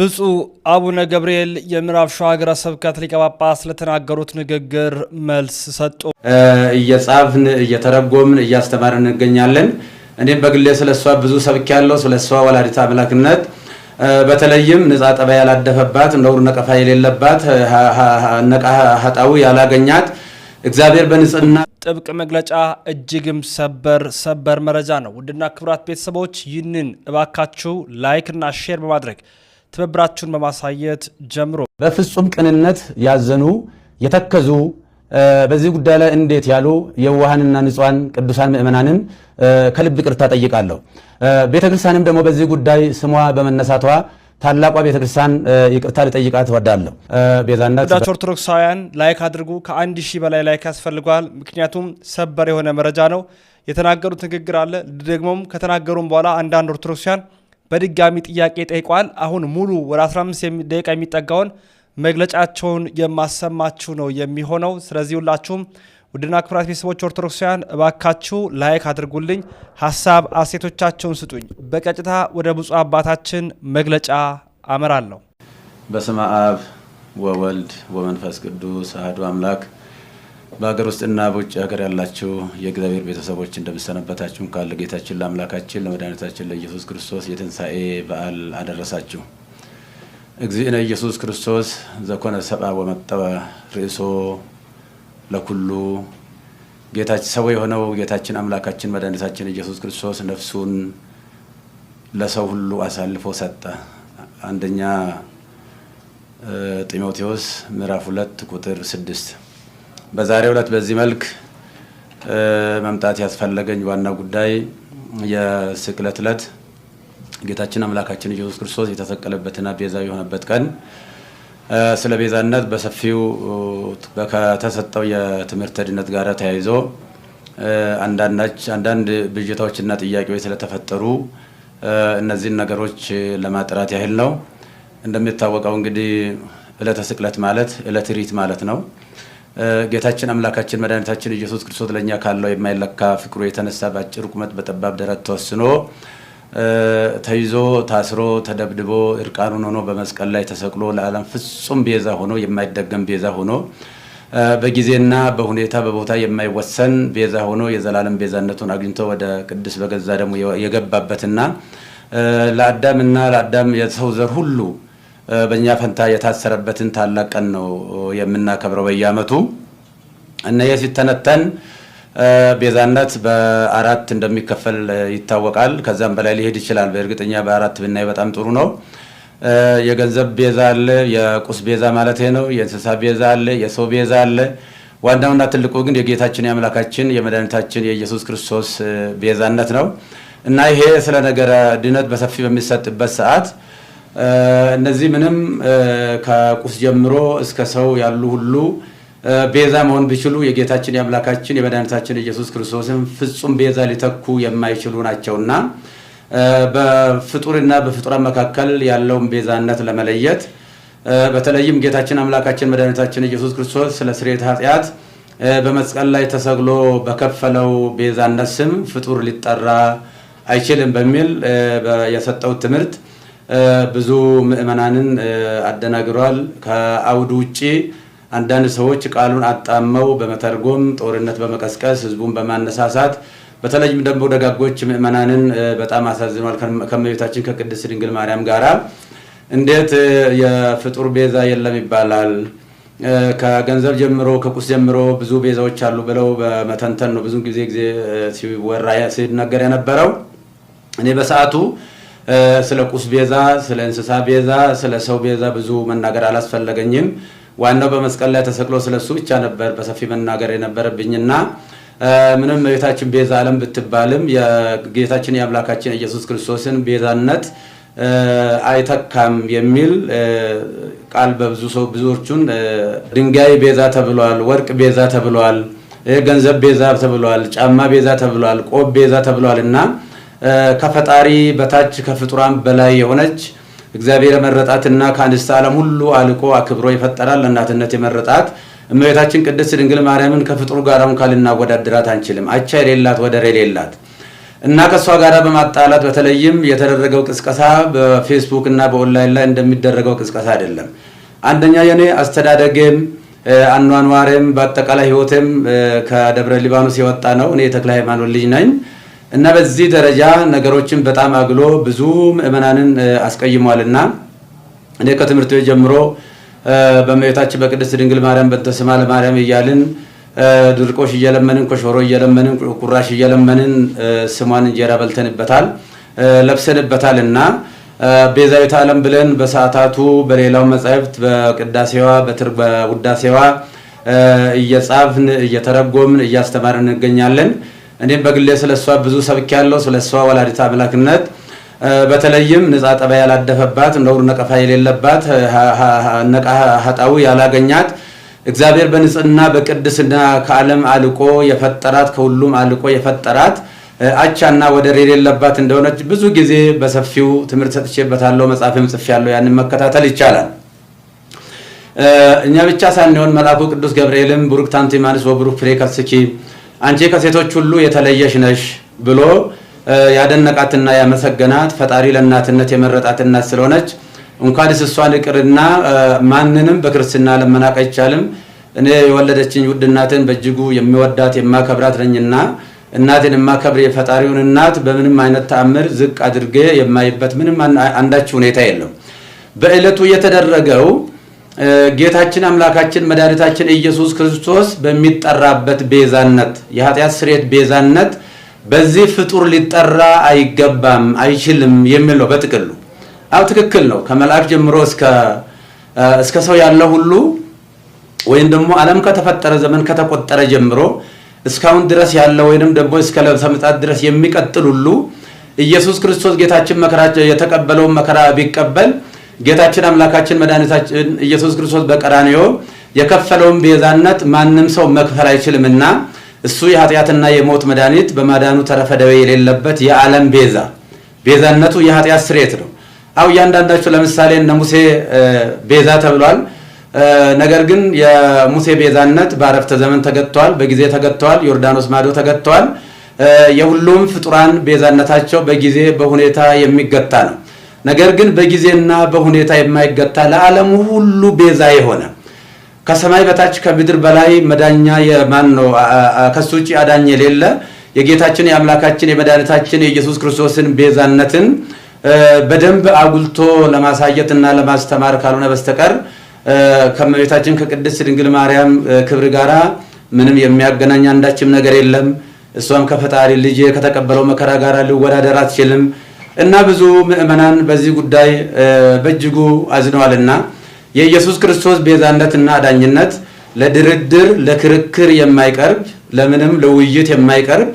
ብፁዕ አቡነ ገብርኤል የምዕራብ ሸዋ ሀገረ ስብከት ሊቀ ጳጳስ ለተናገሩት ንግግር መልስ ሰጡ። እየጻፍን እየተረጎምን እያስተማርን እንገኛለን። እኔም በግሌ ስለ እሷ ብዙ ሰብክ ያለው ስለ እሷ ወላዲተ አምላክነት በተለይም ንጻ ጠባ ያላደፈባት ነውር ነቀፋ የሌለባት ነቃ ሀጣዊ ያላገኛት እግዚአብሔር በንጽህና ጥብቅ መግለጫ እጅግም ሰበር ሰበር መረጃ ነው። ውድና ክቡራት ቤተሰቦች ይህንን እባካችሁ ላይክ እና ሼር በማድረግ ትብብራችሁን በማሳየት ጀምሮ በፍጹም ቅንነት ያዘኑ የተከዙ በዚህ ጉዳይ ላይ እንዴት ያሉ የዋሃንና ንጹሐን ቅዱሳን ምእመናንን ከልብ ቅርታ ጠይቃለሁ። ቤተክርስቲያንም ደግሞ በዚህ ጉዳይ ስሟ በመነሳቷ ታላቋ ቤተክርስቲያን ይቅርታ ልጠይቃት እወዳለሁ። ቤዛናዳች ኦርቶዶክሳውያን ላይክ አድርጉ። ከአንድ ሺህ በላይ ላይክ ያስፈልገዋል። ምክንያቱም ሰበር የሆነ መረጃ ነው። የተናገሩት ንግግር አለ ደግሞም ከተናገሩም በኋላ አንዳንድ ኦርቶዶክሳውያን በድጋሚ ጥያቄ ጠይቋል። አሁን ሙሉ ወደ 15 ደቂቃ የሚጠጋውን መግለጫቸውን የማሰማችሁ ነው የሚሆነው። ስለዚህ ሁላችሁም ውድና ክብራት ቤተሰቦች ኦርቶዶክሳውያን እባካችሁ ላይክ አድርጉልኝ፣ ሀሳብ አሴቶቻቸውን ስጡኝ። በቀጥታ ወደ ብፁዕ አባታችን መግለጫ አመራለሁ። በስመ አብ ወወልድ ወመንፈስ ቅዱስ አህዱ አምላክ በሀገር ውስጥና በውጭ ሀገር ያላችሁ የእግዚአብሔር ቤተሰቦች እንደምሰነበታችሁ ካለ ጌታችን ለአምላካችን ለመድኃኒታችን ለኢየሱስ ክርስቶስ የትንሣኤ በዓል አደረሳችሁ። እግዚእነ ኢየሱስ ክርስቶስ ዘኮነ ሰብአ ወመጠወ ርእሶ ለኩሉ ጌታችን ሰው የሆነው ጌታችን አምላካችን መድኃኒታችን ኢየሱስ ክርስቶስ ነፍሱን ለሰው ሁሉ አሳልፎ ሰጠ። አንደኛ ጢሞቴዎስ ምዕራፍ ሁለት ቁጥር ስድስት በዛሬው ዕለት በዚህ መልክ መምጣት ያስፈለገኝ ዋና ጉዳይ የስቅለት ዕለት ጌታችን አምላካችን ኢየሱስ ክርስቶስ የተሰቀለበትና ቤዛ የሆነበት ቀን ስለ ቤዛነት በሰፊው ከተሰጠው የትምህርት ድነት ጋር ተያይዞ አንዳንድ ብዥታዎችና ጥያቄዎች ስለተፈጠሩ እነዚህን ነገሮች ለማጥራት ያህል ነው። እንደሚታወቀው እንግዲህ ዕለተ ስቅለት ማለት ዕለተ ማለት ነው። ጌታችን አምላካችን መድኃኒታችን ኢየሱስ ክርስቶስ ለእኛ ካለው የማይለካ ፍቅሩ የተነሳ በአጭር ቁመት በጠባብ ደረት ተወስኖ ተይዞ ታስሮ ተደብድቦ እርቃኑን ሆኖ በመስቀል ላይ ተሰቅሎ ለዓለም ፍጹም ቤዛ ሆኖ የማይደገም ቤዛ ሆኖ በጊዜና በሁኔታ በቦታ የማይወሰን ቤዛ ሆኖ የዘላለም ቤዛነቱን አግኝቶ ወደ ቅድስት በገዛ ደግሞ የገባበትና ለአዳምና ለአዳም የሰው ዘር ሁሉ በእኛ ፈንታ የታሰረበትን ታላቅ ቀን ነው የምናከብረው በየአመቱ እና ይህ ሲተነተን ቤዛነት በአራት እንደሚከፈል ይታወቃል። ከዛም በላይ ሊሄድ ይችላል። በእርግጠኛ በአራት ብናይ በጣም ጥሩ ነው። የገንዘብ ቤዛ አለ፣ የቁስ ቤዛ ማለት ነው። የእንስሳ ቤዛ አለ፣ የሰው ቤዛ አለ። ዋናውና ትልቁ ግን የጌታችን የአምላካችን የመድኃኒታችን የኢየሱስ ክርስቶስ ቤዛነት ነው እና ይሄ ስለ ነገረ ድነት በሰፊ በሚሰጥበት ሰዓት እነዚህ ምንም ከቁስ ጀምሮ እስከ ሰው ያሉ ሁሉ ቤዛ መሆን ቢችሉ የጌታችን የአምላካችን የመድኃኒታችን ኢየሱስ ክርስቶስን ፍጹም ቤዛ ሊተኩ የማይችሉ ናቸውና በፍጡርና በፍጡራን መካከል ያለውን ቤዛነት ለመለየት በተለይም ጌታችን አምላካችን መድኃኒታችን ኢየሱስ ክርስቶስ ስለ ስርየት ኃጢአት በመስቀል ላይ ተሰግሎ በከፈለው ቤዛነት ስም ፍጡር ሊጠራ አይችልም በሚል የሰጠው ትምህርት ብዙ ምዕመናንን አደናግሯል። ከአውድ ውጭ አንዳንድ ሰዎች ቃሉን አጣመው በመተርጎም ጦርነት በመቀስቀስ ህዝቡን በማነሳሳት በተለይም ደግሞ ደጋጎች ምዕመናንን በጣም አሳዝኗል። ከመቤታችን ከቅድስት ድንግል ማርያም ጋራ እንዴት የፍጡር ቤዛ የለም ይባላል? ከገንዘብ ጀምሮ ከቁስ ጀምሮ ብዙ ቤዛዎች አሉ ብለው በመተንተን ነው ብዙ ጊዜ ጊዜ ሲወራ ሲነገር የነበረው እኔ በሰዓቱ ስለ ቁስ ቤዛ፣ ስለ እንስሳ ቤዛ፣ ስለ ሰው ቤዛ ብዙ መናገር አላስፈለገኝም። ዋናው በመስቀል ላይ ተሰቅሎ ስለ እሱ ብቻ ነበር በሰፊ መናገር የነበረብኝና ምንም ቤታችን ቤዛ ዓለም ብትባልም የጌታችን የአምላካችን ኢየሱስ ክርስቶስን ቤዛነት አይተካም የሚል ቃል በብዙ ሰው ብዙዎቹን ድንጋይ ቤዛ ተብሏል፣ ወርቅ ቤዛ ተብሏል፣ ገንዘብ ቤዛ ተብሏል፣ ጫማ ቤዛ ተብሏል፣ ቆብ ቤዛ ተብሏል እና ከፈጣሪ በታች ከፍጡራን በላይ የሆነች እግዚአብሔር የመረጣትና ከአንስተ ዓለም ሁሉ አልቆ አክብሮ ይፈጠራል ለእናትነት የመረጣት እመቤታችን ቅድስት ድንግል ማርያምን ከፍጡሩ ጋር እንኳን ልናወዳድራት አንችልም። አቻ የሌላት ወደር የሌላት እና ከእሷ ጋር በማጣላት በተለይም የተደረገው ቅስቀሳ በፌስቡክ እና በኦንላይን ላይ እንደሚደረገው ቅስቀሳ አይደለም። አንደኛ የኔ አስተዳደጌም አኗኗሬም በአጠቃላይ ሕይወቴም ከደብረ ሊባኖስ የወጣ ነው። እኔ የተክለ ሃይማኖት ልጅ ነኝ። እና በዚህ ደረጃ ነገሮችን በጣም አግሎ ብዙ ምዕመናንን አስቀይሟልና እኔ ከትምህርት ቤት ጀምሮ በመቤታችን በቅድስት ድንግል ማርያም በእንተ ስማ ለማርያም እያልን ድርቆሽ እየለመንን ኮሾሮ እየለመንን ቁራሽ እየለመንን ስሟን እንጀራ በልተንበታል ለብሰንበታል እና ቤዛዊት ዓለም ብለን በሰዓታቱ በሌላው መጻሕፍት በቅዳሴዋ በውዳሴዋ እየጻፍን እየተረጎምን እያስተማርን እንገኛለን። እኔም በግሌ ስለ እሷ ብዙ ሰብኪ ያለው ስለ እሷ ወላዲት አምላክነት በተለይም ንጻ ጠባ ያላደፈባት ነውር ነቀፋ የሌለባት ነቃ ሀጣዊ ያላገኛት እግዚአብሔር በንጽህና በቅድስና ከዓለም አልቆ የፈጠራት ከሁሉም አልቆ የፈጠራት አቻና ወደር የሌለባት እንደሆነች ብዙ ጊዜ በሰፊው ትምህርት ሰጥቼበታለሁ። መጽሐፍም ጽፌያለሁ። ያንን መከታተል ይቻላል። እኛ ብቻ ሳንሆን መልአኩ ቅዱስ ገብርኤልም ቡሩክታንቲ ማንስ ወቡሩክ ፍሬ ከርስኪ አንቺ ከሴቶች ሁሉ የተለየሽ ነሽ ብሎ ያደነቃትና ያመሰገናት ፈጣሪ ለእናትነት የመረጣት እናት ስለሆነች እንኳንስ እሷን ይቅርና ማንንም በክርስትና ለመናቅ አይቻልም። እኔ የወለደችኝ ውድ እናትን በእጅጉ የሚወዳት የማከብራት ነኝና እናትን የማከብር የፈጣሪውን እናት በምንም አይነት ተአምር ዝቅ አድርጌ የማይበት ምንም አንዳች ሁኔታ የለም። በዕለቱ የተደረገው ጌታችን አምላካችን መድኃኒታችን ኢየሱስ ክርስቶስ በሚጠራበት ቤዛነት የኃጢአት ስርየት ቤዛነት በዚህ ፍጡር ሊጠራ አይገባም አይችልም የሚል ነው በጥቅሉ። አው ትክክል ነው። ከመልአክ ጀምሮ እስከ ሰው ያለ ሁሉ ወይም ደግሞ ዓለም ከተፈጠረ ዘመን ከተቆጠረ ጀምሮ እስካሁን ድረስ ያለ ወይንም ደግሞ እስከ ለብሰ ምጽአት ድረስ የሚቀጥል ሁሉ ኢየሱስ ክርስቶስ ጌታችን መከራ የተቀበለውን መከራ ቢቀበል ጌታችን አምላካችን መድኃኒታችን ኢየሱስ ክርስቶስ በቀራንዮ የከፈለውን ቤዛነት ማንም ሰው መክፈል አይችልምና እሱ የኃጢአትና የሞት መድኃኒት በማዳኑ ተረፈ ደዌ የሌለበት የዓለም ቤዛ ቤዛነቱ የኃጢአት ስሬት ነው። አው እያንዳንዳቸው ለምሳሌ እነ ሙሴ ቤዛ ተብሏል። ነገር ግን የሙሴ ቤዛነት በአረፍተ ዘመን ተገጥተዋል፣ በጊዜ ተገጥተዋል፣ ዮርዳኖስ ማዶ ተገጥተዋል። የሁሉም ፍጡራን ቤዛነታቸው በጊዜ በሁኔታ የሚገታ ነው። ነገር ግን በጊዜና በሁኔታ የማይገታ ለዓለም ሁሉ ቤዛ የሆነ ከሰማይ በታች ከምድር በላይ መዳኛ የማን ነው? ከሱ ውጭ አዳኝ የሌለ የጌታችን የአምላካችን የመድኃኒታችን የኢየሱስ ክርስቶስን ቤዛነትን በደንብ አጉልቶ ለማሳየት እና ለማስተማር ካልሆነ በስተቀር ከመቤታችን ከቅድስት ድንግል ማርያም ክብር ጋራ ምንም የሚያገናኝ አንዳችም ነገር የለም። እሷም ከፈጣሪ ልጅ ከተቀበለው መከራ ጋር ሊወዳደር አትችልም። እና ብዙ ምዕመናን በዚህ ጉዳይ በእጅጉ አዝነዋልና የኢየሱስ ክርስቶስ ቤዛነትና አዳኝነት ለድርድር ለክርክር የማይቀርብ ለምንም ለውይይት የማይቀርብ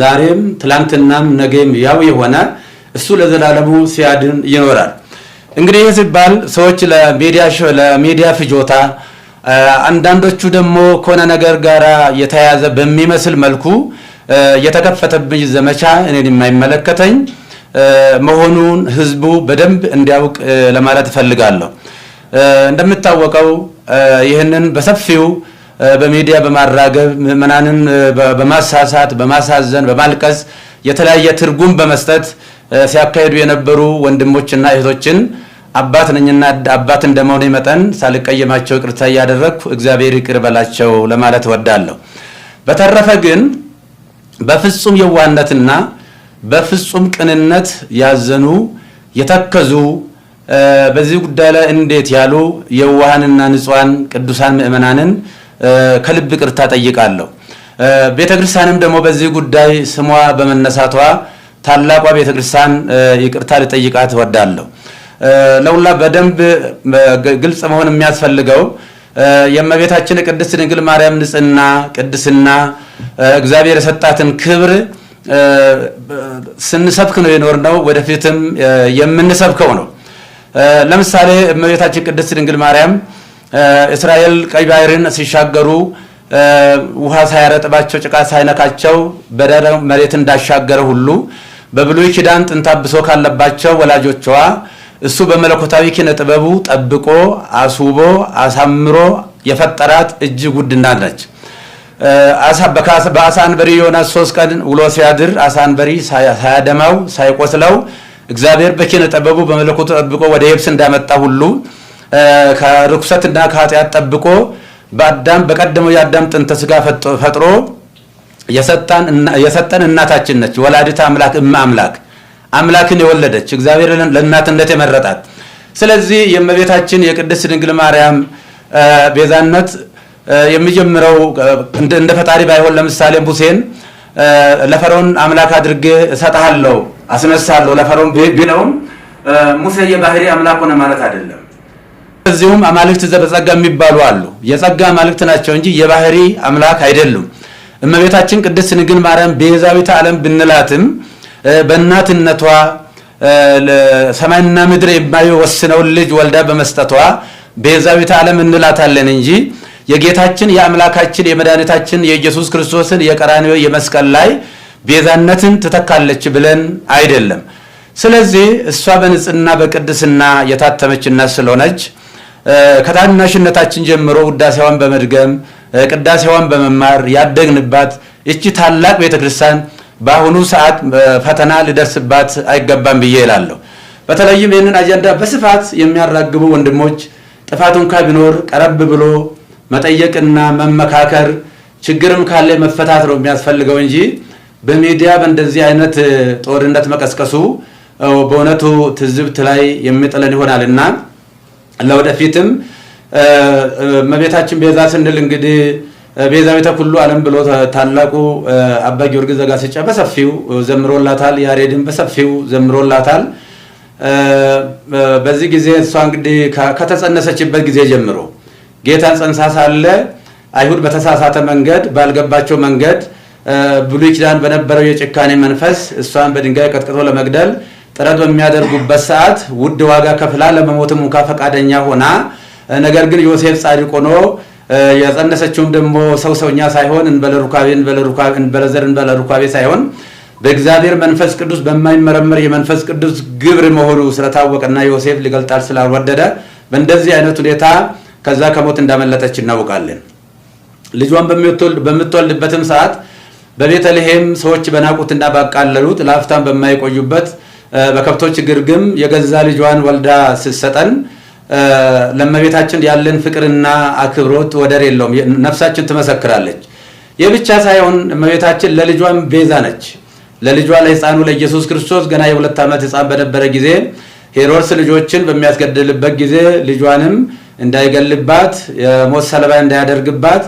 ዛሬም ትላንትናም ነገም ያው የሆነ እሱ ለዘላለሙ ሲያድን ይኖራል። እንግዲህ ይህ ሲባል ሰዎች ለሚዲያ ፍጆታ አንዳንዶቹ ደግሞ ከሆነ ነገር ጋር የተያያዘ በሚመስል መልኩ የተከፈተብኝ ዘመቻ እኔን የማይመለከተኝ መሆኑን ህዝቡ በደንብ እንዲያውቅ ለማለት እፈልጋለሁ። እንደምታወቀው ይህንን በሰፊው በሚዲያ በማራገብ ምዕመናንን በማሳሳት በማሳዘን በማልቀስ የተለያየ ትርጉም በመስጠት ሲያካሄዱ የነበሩ ወንድሞችና እህቶችን አባት ነኝና አባት እንደመሆኔ መጠን ሳልቀየማቸው ይቅርታ እያደረግኩ እግዚአብሔር ይቅር በላቸው ለማለት እወዳለሁ። በተረፈ ግን በፍጹም የዋህነትና በፍጹም ቅንነት ያዘኑ የተከዙ በዚህ ጉዳይ ላይ እንዴት ያሉ የዋሃንና ንጹሃን ቅዱሳን ምእመናንን ከልብ ቅርታ ጠይቃለሁ። ቤተ ክርስቲያንም ደግሞ በዚህ ጉዳይ ስሟ በመነሳቷ ታላቋ ቤተ ክርስቲያን ይቅርታ ልጠይቃት እወዳለሁ። ለሁላ በደንብ ግልጽ መሆን የሚያስፈልገው የእመቤታችን ቅድስት ድንግል ማርያም ንጽህና ቅድስና እግዚአብሔር የሰጣትን ክብር ስንሰብክ ነው ነው ወደፊትም የምንሰብከው ነው። ለምሳሌ እመቤታችን ቅድስት ድንግል ማርያም እስራኤል ቀይ ባህርን ሲሻገሩ ውሃ ሳያረጥባቸው ጭቃ ሳይነካቸው በደረ መሬት እንዳሻገረ ሁሉ በብሉይ ኪዳን ጥንተ አብሶ ካለባቸው ወላጆቿ እሱ በመለኮታዊ ኪነ ጥበቡ ጠብቆ አስውቦ አሳምሮ የፈጠራት እጅግ ውድና ነች። በአሳ አንበሪ ዮናስ ሶስት ቀን ውሎ ሲያድር አሳ አንበሪ ሳያደማው ሳይቆስለው እግዚአብሔር በኪነ ጠበቡ በመለኮቱ ጠብቆ ወደ የብስ እንዳመጣ ሁሉ ከርኩሰትና ከኃጢአት ጠብቆ በአዳም በቀደመው የአዳም ጥንተ ስጋ ፈጥሮ የሰጠን እናታችን ነች። ወላዲት አምላክ እመ አምላክ አምላክን የወለደች እግዚአብሔር ለእናትነት የመረጣት። ስለዚህ የእመቤታችን የቅድስት ድንግል ማርያም ቤዛነት የሚጀምረው እንደ ፈጣሪ ባይሆን ለምሳሌ ሙሴን ለፈርዖን አምላክ አድርጌ እሰጥሃለሁ አስነሳለሁ ለፈርዖን ቢለውም ሙሴ የባህሪ አምላክ ሆነ ማለት አይደለም። እዚሁም አማልክት ዘበጸጋ የሚባሉ አሉ። የጸጋ አማልክት ናቸው እንጂ የባህሪ አምላክ አይደሉም። እመቤታችን ቅድስት ድንግል ማርያም ቤዛዊተ ዓለም ብንላትም በእናትነቷ ሰማይና ምድር የማይወስነውን ልጅ ወልዳ በመስጠቷ ቤዛዊተ ዓለም እንላታለን እንጂ የጌታችን የአምላካችን የመድኃኒታችን የኢየሱስ ክርስቶስን የቀራንዮ የመስቀል ላይ ቤዛነትን ትተካለች ብለን አይደለም። ስለዚህ እሷ በንጽህና በቅድስና የታተመች ስለሆነች ከታናሽነታችን ጀምሮ ውዳሴዋን በመድገም ቅዳሴዋን በመማር ያደግንባት እቺ ታላቅ ቤተክርስቲያን በአሁኑ ሰዓት ፈተና ሊደርስባት አይገባም ብዬ እላለሁ። በተለይም ይህንን አጀንዳ በስፋት የሚያራግቡ ወንድሞች ጥፋት እንኳ ቢኖር ቀረብ ብሎ መጠየቅና መመካከር ችግርም ካለ መፈታት ነው የሚያስፈልገው እንጂ በሚዲያ በእንደዚህ አይነት ጦርነት መቀስቀሱ በእውነቱ ትዝብት ላይ የሚጥለን ይሆናል እና ለወደፊትም እመቤታችን ቤዛ ስንል እንግዲህ ቤዛዊተ ኩሉ ዓለም ብሎ ታላቁ አባ ጊዮርጊስ ዘጋስጫ በሰፊው ዘምሮላታል። ያሬድን በሰፊው ዘምሮላታል። በዚህ ጊዜ እሷ እንግዲህ ከተጸነሰችበት ጊዜ ጀምሮ ጌታን ጸንሳ ሳለ አይሁድ በተሳሳተ መንገድ ባልገባቸው መንገድ ብሉይ ኪዳን በነበረው የጭካኔ መንፈስ እሷን በድንጋይ ቀጥቅጦ ለመግደል ጥረት በሚያደርጉበት ሰዓት ውድ ዋጋ ከፍላ ለመሞትም እንኳ ፈቃደኛ ሆና፣ ነገር ግን ዮሴፍ ጻድቅ ሆኖ የጸነሰችውም ደግሞ ሰው ሰውኛ ሳይሆን እንበለዘር እንበለሩካቤ ሳይሆን በእግዚአብሔር መንፈስ ቅዱስ በማይመረመር የመንፈስ ቅዱስ ግብር መሆኑ ስለታወቀና ዮሴፍ ሊገልጣል ስላልወደደ በእንደዚህ አይነት ሁኔታ ከዛ ከሞት እንዳመለጠች እናውቃለን። ልጇን በምትወልድበትም ሰዓት በቤተልሔም ሰዎች በናቁትና ባቃለሉት ለአፍታም በማይቆዩበት በከብቶች ግርግም የገዛ ልጇን ወልዳ ስትሰጠን ለእመቤታችን ያለን ፍቅርና አክብሮት ወደር የለውም። ነፍሳችን ትመሰክራለች። ይህ ብቻ ሳይሆን እመቤታችን ለልጇም ቤዛ ነች። ለልጇ ለሕፃኑ ለኢየሱስ ክርስቶስ ገና የሁለት ዓመት ሕፃን በነበረ ጊዜ ሄሮድስ ልጆችን በሚያስገድልበት ጊዜ ልጇንም እንዳይገልባት የሞት ሰለባ እንዳያደርግባት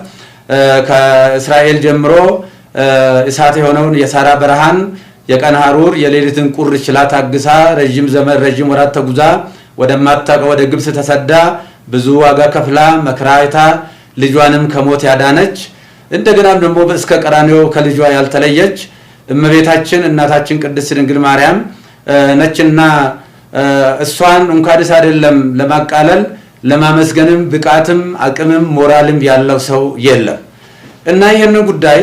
ከእስራኤል ጀምሮ እሳት የሆነውን የሳራ በረሃን የቀን ሐሩር የሌሊትን ቁር ችላ ታግሳ ረዥም ዘመን ረዥም ወራት ተጉዛ ወደማታውቀው ወደ ግብፅ ተሰዳ ብዙ ዋጋ ከፍላ መከራ አይታ ልጇንም ከሞት ያዳነች እንደገናም ደግሞ እስከ ቀራኔው ከልጇ ያልተለየች እመቤታችን እናታችን ቅድስት ድንግል ማርያም ነችና እሷን እንኳንስ አይደለም ለማቃለል ለማመስገንም ብቃትም አቅምም ሞራልም ያለው ሰው የለም። እና ይህን ጉዳይ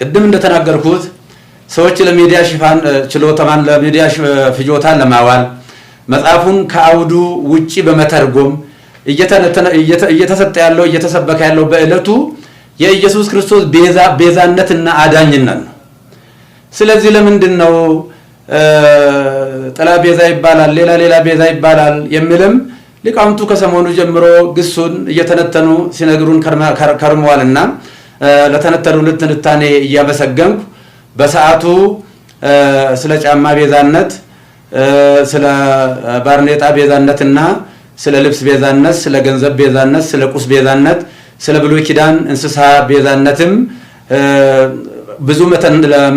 ቅድም እንደተናገርኩት ሰዎች ለሚዲያ ሽፋን ችሎታማን ለሚዲያ ፍጆታን ለማዋል መጽሐፉን ከአውዱ ውጪ በመተርጎም እየተሰጠ ያለው እየተሰበከ ያለው በዕለቱ የኢየሱስ ክርስቶስ ቤዛ ቤዛነትና አዳኝነት ነው። ስለዚህ ለምንድን ነው ጥላ ቤዛ ይባላል፣ ሌላ ሌላ ቤዛ ይባላል የሚልም ሊቃውንቱ ከሰሞኑ ጀምሮ ግሱን እየተነተኑ ሲነግሩን ከርመዋልና ለተነተኑ ልትንታኔ እያመሰገንኩ በሰዓቱ ስለ ጫማ ቤዛነት፣ ስለ ባርኔጣ ቤዛነትና ስለ ልብስ ቤዛነት፣ ስለ ገንዘብ ቤዛነት፣ ስለ ቁስ ቤዛነት፣ ስለ ብሉይ ኪዳን እንስሳ ቤዛነትም ብዙ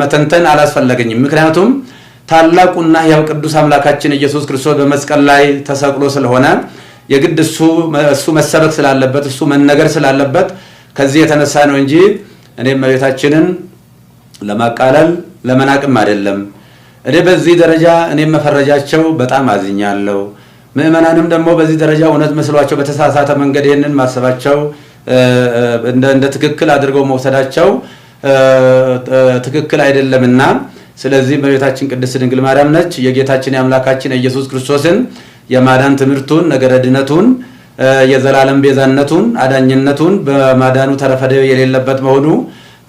መተንተን አላስፈለገኝም። ምክንያቱም ታላቁና ያው ቅዱስ አምላካችን ኢየሱስ ክርስቶስ በመስቀል ላይ ተሰቅሎ ስለሆነ የግድ እሱ እሱ መሰበክ ስላለበት እሱ መነገር ስላለበት ከዚህ የተነሳ ነው እንጂ እኔ መቤታችንን ለማቃለል ለመናቅም አይደለም። እኔ በዚህ ደረጃ እኔ መፈረጃቸው በጣም አዝኛለሁ። ምእመናንም ደግሞ በዚህ ደረጃ እውነት መስሏቸው በተሳሳተ መንገድ ይህንን ማሰባቸው እንደ ትክክል አድርገው መውሰዳቸው ትክክል አይደለምና ስለዚህ እመቤታችን ቅድስት ድንግል ማርያም ነች የጌታችን የአምላካችን ኢየሱስ ክርስቶስን የማዳን ትምህርቱን ነገረ ድነቱን የዘላለም ቤዛነቱን አዳኝነቱን በማዳኑ ተረፈደ የሌለበት መሆኑ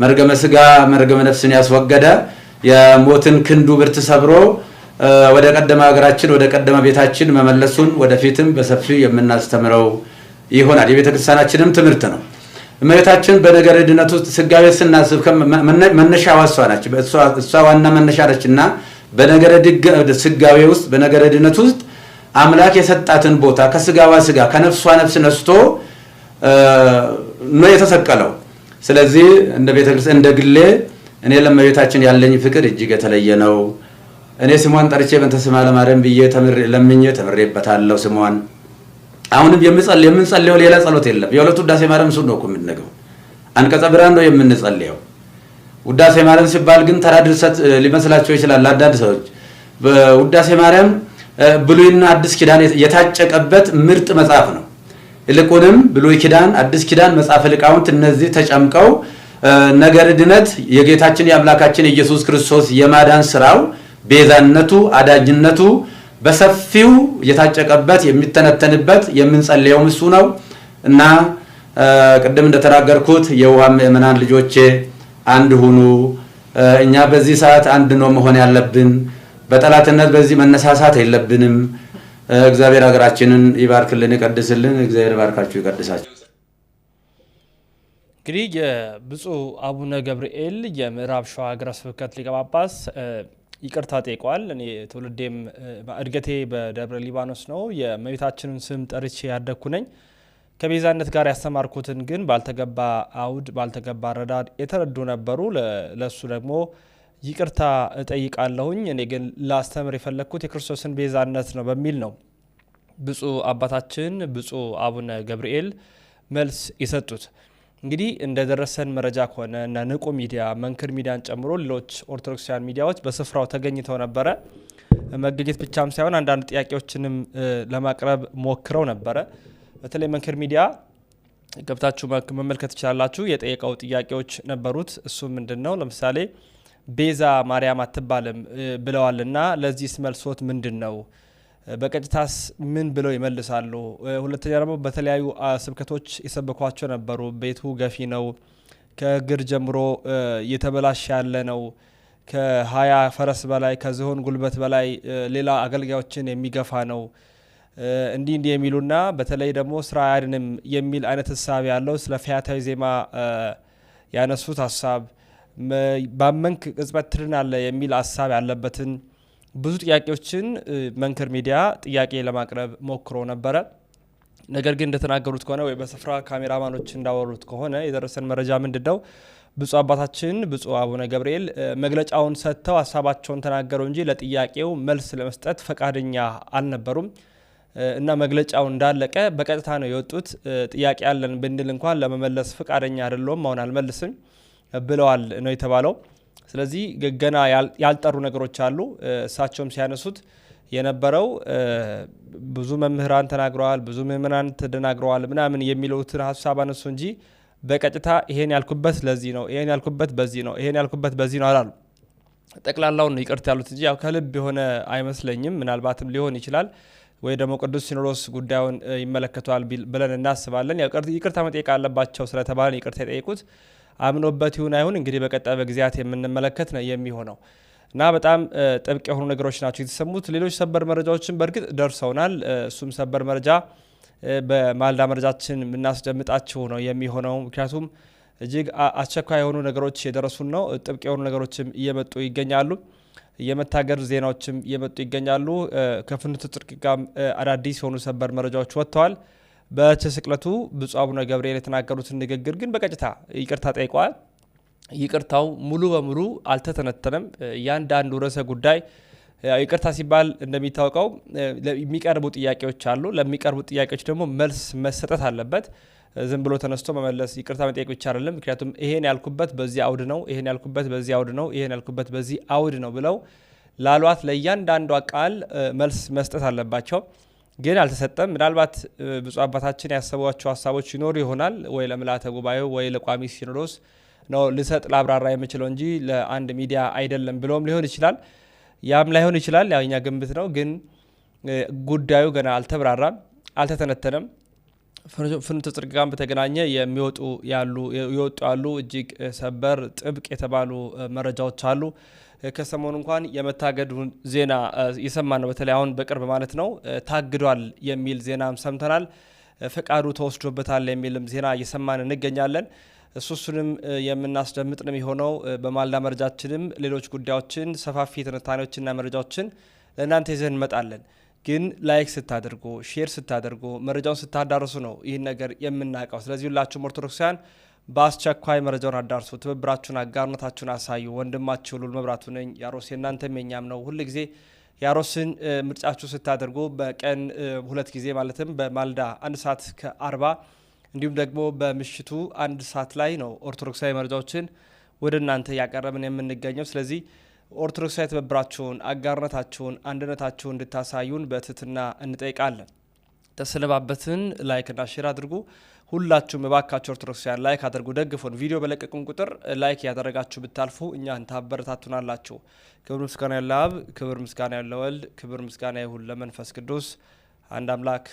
መርገመ ስጋ መርገመ ነፍስን ያስወገደ የሞትን ክንዱ ብርት ሰብሮ ወደ ቀደመ ሀገራችን ወደ ቀደመ ቤታችን መመለሱን ወደፊትም በሰፊው የምናስተምረው ይሆናል። የቤተክርስቲያናችንም ትምህርት ነው። እመቤታችን በነገረ ድነት ውስጥ ስጋቤ ስናስብ መነሻ ዋሷ ናቸው። እሷ ዋና መነሻ ነች እና በነገረ ስጋቤ ውስጥ በነገረ ድነት ውስጥ አምላክ የሰጣትን ቦታ ከስጋዋ ስጋ ከነፍሷ ነፍስ ነስቶ ነው የተሰቀለው። ስለዚህ እንደ ቤተ እንደ ግሌ እኔ ለእመቤታችን ያለኝ ፍቅር እጅግ የተለየ ነው። እኔ ስሟን ጠርቼ በእንተ ስማ ለማርያም ብዬ ለምኜ ተምሬበታለሁ ስሟን አሁንም የምንጸልየው ሌላ ጸሎት የለም። የሁለቱ ውዳሴ ማርያም እሱን ነው እኮ የምንነግረው። አንቀጸ ብርሃን ነው የምንጸልየው። ውዳሴ ማርያም ሲባል ግን ተራ ድርሰት ሊመስላቸው ይችላል አንዳንድ ሰዎች። ውዳሴ ማርያም ብሉይና አዲስ ኪዳን የታጨቀበት ምርጥ መጽሐፍ ነው። ይልቁንም ብሉይ ኪዳን፣ አዲስ ኪዳን፣ መጽሐፈ ሊቃውንት እነዚህ ተጨምቀው ነገር ድነት የጌታችን የአምላካችን የኢየሱስ ክርስቶስ የማዳን ስራው ቤዛነቱ፣ አዳጅነቱ በሰፊው እየታጨቀበት የሚተነተንበት የምንጸልየውም እሱ ነው እና ቅድም እንደተናገርኩት የውሃ ምእመናን ልጆቼ አንድ ሁኑ። እኛ በዚህ ሰዓት አንድ ነው መሆን ያለብን። በጠላትነት በዚህ መነሳሳት የለብንም። እግዚአብሔር ሀገራችንን ይባርክልን፣ ይቀድስልን። እግዚአብሔር ባርካችሁ ይቀድሳችሁ። እንግዲህ የብፁዕ አቡነ ገብርኤል የምዕራብ ሸዋ ሀገረ ስብከት ሊቀ ጳጳስ ይቅርታ ጠይቋል። እኔ ትውልዴም እድገቴ በደብረ ሊባኖስ ነው። የእመቤታችንን ስም ጠርቼ ያደግኩ ነኝ። ከቤዛነት ጋር ያስተማርኩትን ግን ባልተገባ አውድ ባልተገባ አረዳድ የተረዱ ነበሩ። ለሱ ደግሞ ይቅርታ እጠይቃለሁኝ። እኔ ግን ላስተምር የፈለግኩት የክርስቶስን ቤዛነት ነው በሚል ነው ብፁዕ አባታችን ብፁዕ አቡነ ገብርኤል መልስ የሰጡት። እንግዲህ እንደደረሰን መረጃ ከሆነ እና ንቁ ሚዲያ መንክር ሚዲያን ጨምሮ ሌሎች ኦርቶዶክሳውያን ሚዲያዎች በስፍራው ተገኝተው ነበረ። መገኘት ብቻም ሳይሆን አንዳንድ ጥያቄዎችንም ለማቅረብ ሞክረው ነበረ። በተለይ መንክር ሚዲያ ገብታችሁ መመልከት ትችላላችሁ። የጠየቀው ጥያቄዎች ነበሩት። እሱም ምንድን ነው? ለምሳሌ ቤዛ ማርያም አትባልም ብለዋልና ለዚህ ስመልሶት ምንድን ነው? በቀጥታስ ምን ብለው ይመልሳሉ? ሁለተኛ ደግሞ በተለያዩ ስብከቶች የሰበኳቸው ነበሩ። ቤቱ ገፊ ነው፣ ከእግር ጀምሮ እየተበላሸ ያለ ነው፣ ከሀያ ፈረስ በላይ ከዝሆን ጉልበት በላይ ሌላ አገልጋዮችን የሚገፋ ነው፣ እንዲህ እንዲህ የሚሉና በተለይ ደግሞ ስራ አያድንም የሚል አይነት ሀሳብ ያለው ስለ ፈያታዊ ዜማ ያነሱት ሀሳብ ባመንክ ቅጽበት ትድናለህ የሚል ሀሳብ ያለበትን ብዙ ጥያቄዎችን መንክር ሚዲያ ጥያቄ ለማቅረብ ሞክሮ ነበረ። ነገር ግን እንደተናገሩት ከሆነ ወይ በስፍራ ካሜራማኖች እንዳወሩት ከሆነ የደረሰን መረጃ ምንድን ነው? ብፁ አባታችን ብፁ አቡነ ገብርኤል መግለጫውን ሰጥተው ሀሳባቸውን ተናገሩ እንጂ ለጥያቄው መልስ ለመስጠት ፈቃደኛ አልነበሩም እና መግለጫው እንዳለቀ በቀጥታ ነው የወጡት። ጥያቄ ያለን ብንል እንኳን ለመመለስ ፈቃደኛ አይደለም፣ አሁን አልመልስም ብለዋል ነው የተባለው። ስለዚህ ገና ያልጠሩ ነገሮች አሉ። እሳቸውም ሲያነሱት የነበረው ብዙ መምህራን ተናግረዋል፣ ብዙ ምዕመናን ተደናግረዋል ምናምን የሚለውትን ሀሳብ አነሱ እንጂ በቀጥታ ይሄን ያልኩበት ለዚህ ነው፣ ይሄን ያልኩበት በዚህ ነው፣ ይሄን ያልኩበት በዚህ ነው አላሉ። ጠቅላላውን ነው ይቅርታ ያሉት እንጂ ያው ከልብ የሆነ አይመስለኝም። ምናልባትም ሊሆን ይችላል ወይ ደግሞ ቅዱስ ሲኖዶስ ጉዳዩን ይመለከተዋል ብለን እናስባለን። ይቅርታ መጠየቅ አለባቸው ስለተባለን ይቅርታ የጠየቁት አምኖበት ይሁን አይሁን እንግዲህ በቀጣይ በጊዜያት የምንመለከት ነው የሚሆነው እና በጣም ጥብቅ የሆኑ ነገሮች ናቸው የተሰሙት። ሌሎች ሰበር መረጃዎችን በእርግጥ ደርሰውናል። እሱም ሰበር መረጃ በማልዳ መረጃችን የምናስደምጣችሁ ነው የሚሆነው። ምክንያቱም እጅግ አስቸኳይ የሆኑ ነገሮች የደረሱን ነው። ጥብቅ የሆኑ ነገሮችም እየመጡ ይገኛሉ። የመታገር ዜናዎችም እየመጡ ይገኛሉ። ከፍኖተ ጽድቅ ጋር አዳዲስ የሆኑ ሰበር መረጃዎች ወጥተዋል። በተስቅለቱ ብፁዕ አቡነ ገብርኤል የተናገሩትን ንግግር ግን በቀጥታ ይቅርታ ጠይቋል። ይቅርታው ሙሉ በሙሉ አልተተነተነም። እያንዳንዱ ርዕሰ ጉዳይ ይቅርታ ሲባል እንደሚታወቀው የሚቀርቡ ጥያቄዎች አሉ። ለሚቀርቡ ጥያቄዎች ደግሞ መልስ መሰጠት አለበት። ዝም ብሎ ተነስቶ መመለስ ይቅርታ መጠየቅ ብቻ አይደለም። ምክንያቱም ይሄን ያልኩበት በዚህ አውድ ነው፣ ይሄን ያልኩበት በዚህ አውድ ነው፣ ይሄን ያልኩበት በዚህ አውድ ነው ብለው ላሏት ለእያንዳንዷ ቃል መልስ መስጠት አለባቸው። ግን አልተሰጠም። ምናልባት ብዙ አባታችን ያሰቧቸው ሀሳቦች ይኖሩ ይሆናል ወይ ለምላተ ጉባኤው ወይ ለቋሚ ሲኖዶስ ነው ልሰጥ ላብራራ የምችለው እንጂ ለአንድ ሚዲያ አይደለም ብሎም ሊሆን ይችላል። ያም ላይሆን ይችላል። ያኛ ግምት ነው። ግን ጉዳዩ ገና አልተብራራም፣ አልተተነተነም። ፍኖተ ጽድቅ ጋር በተገናኘ የሚወጡ ያሉ የወጡ ያሉ እጅግ ሰበር ጥብቅ የተባሉ መረጃዎች አሉ። ከሰሞኑ እንኳን የመታገዱን ዜና የሰማ ነው። በተለይ አሁን በቅርብ ማለት ነው ታግዷል የሚል ዜናም ሰምተናል። ፈቃዱ ተወስዶበታል የሚልም ዜና እየሰማን እንገኛለን። እሱሱንም የምናስደምጥ ነው የሆነው። በማለዳ መረጃችንም ሌሎች ጉዳዮችን ሰፋፊ ትንታኔዎችና መረጃዎችን ለእናንተ ይዘን እንመጣለን። ግን ላይክ ስታደርጉ ሼር ስታደርጉ መረጃውን ስታዳርሱ ነው ይህን ነገር የምናውቀው። ስለዚህ ሁላችሁም ኦርቶዶክሳውያን በአስቸኳይ መረጃውን አዳርሱ፣ ትብብራችሁን፣ አጋርነታችሁን አሳዩ። ወንድማችሁ ሉል መብራቱ ነኝ። ያሮስ የእናንተም የኛም ነው። ሁል ጊዜ ያሮስን ምርጫችሁ ስታደርጉ በቀን ሁለት ጊዜ ማለትም በማልዳ አንድ ሰዓት ከአርባ እንዲሁም ደግሞ በምሽቱ አንድ ሰዓት ላይ ነው ኦርቶዶክሳዊ መረጃዎችን ወደ እናንተ እያቀረብን የምንገኘው ስለዚህ ኦርቶዶክሳዊ ትብብራችሁን፣ አጋርነታችሁን፣ አንድነታችሁን እንድታሳዩን በትህትና እንጠይቃለን። ተሰነባበትን። እና ሼር አድርጉ። ሁላችሁም እባካችሁ ኦርቶዶክሳውያን ላይክ አድርጉ፣ ደግፉን። ቪዲዮ በለቀቅን ቁጥር ላይክ ያደረጋችሁ ብታልፉ እኛን ታበረታቱናላችሁ። ክብር ምስጋና ያለ አብ፣ ክብር ምስጋና ያለ ወልድ፣ ክብር ምስጋና ይሁን ለመንፈስ ቅዱስ አንድ አምላክ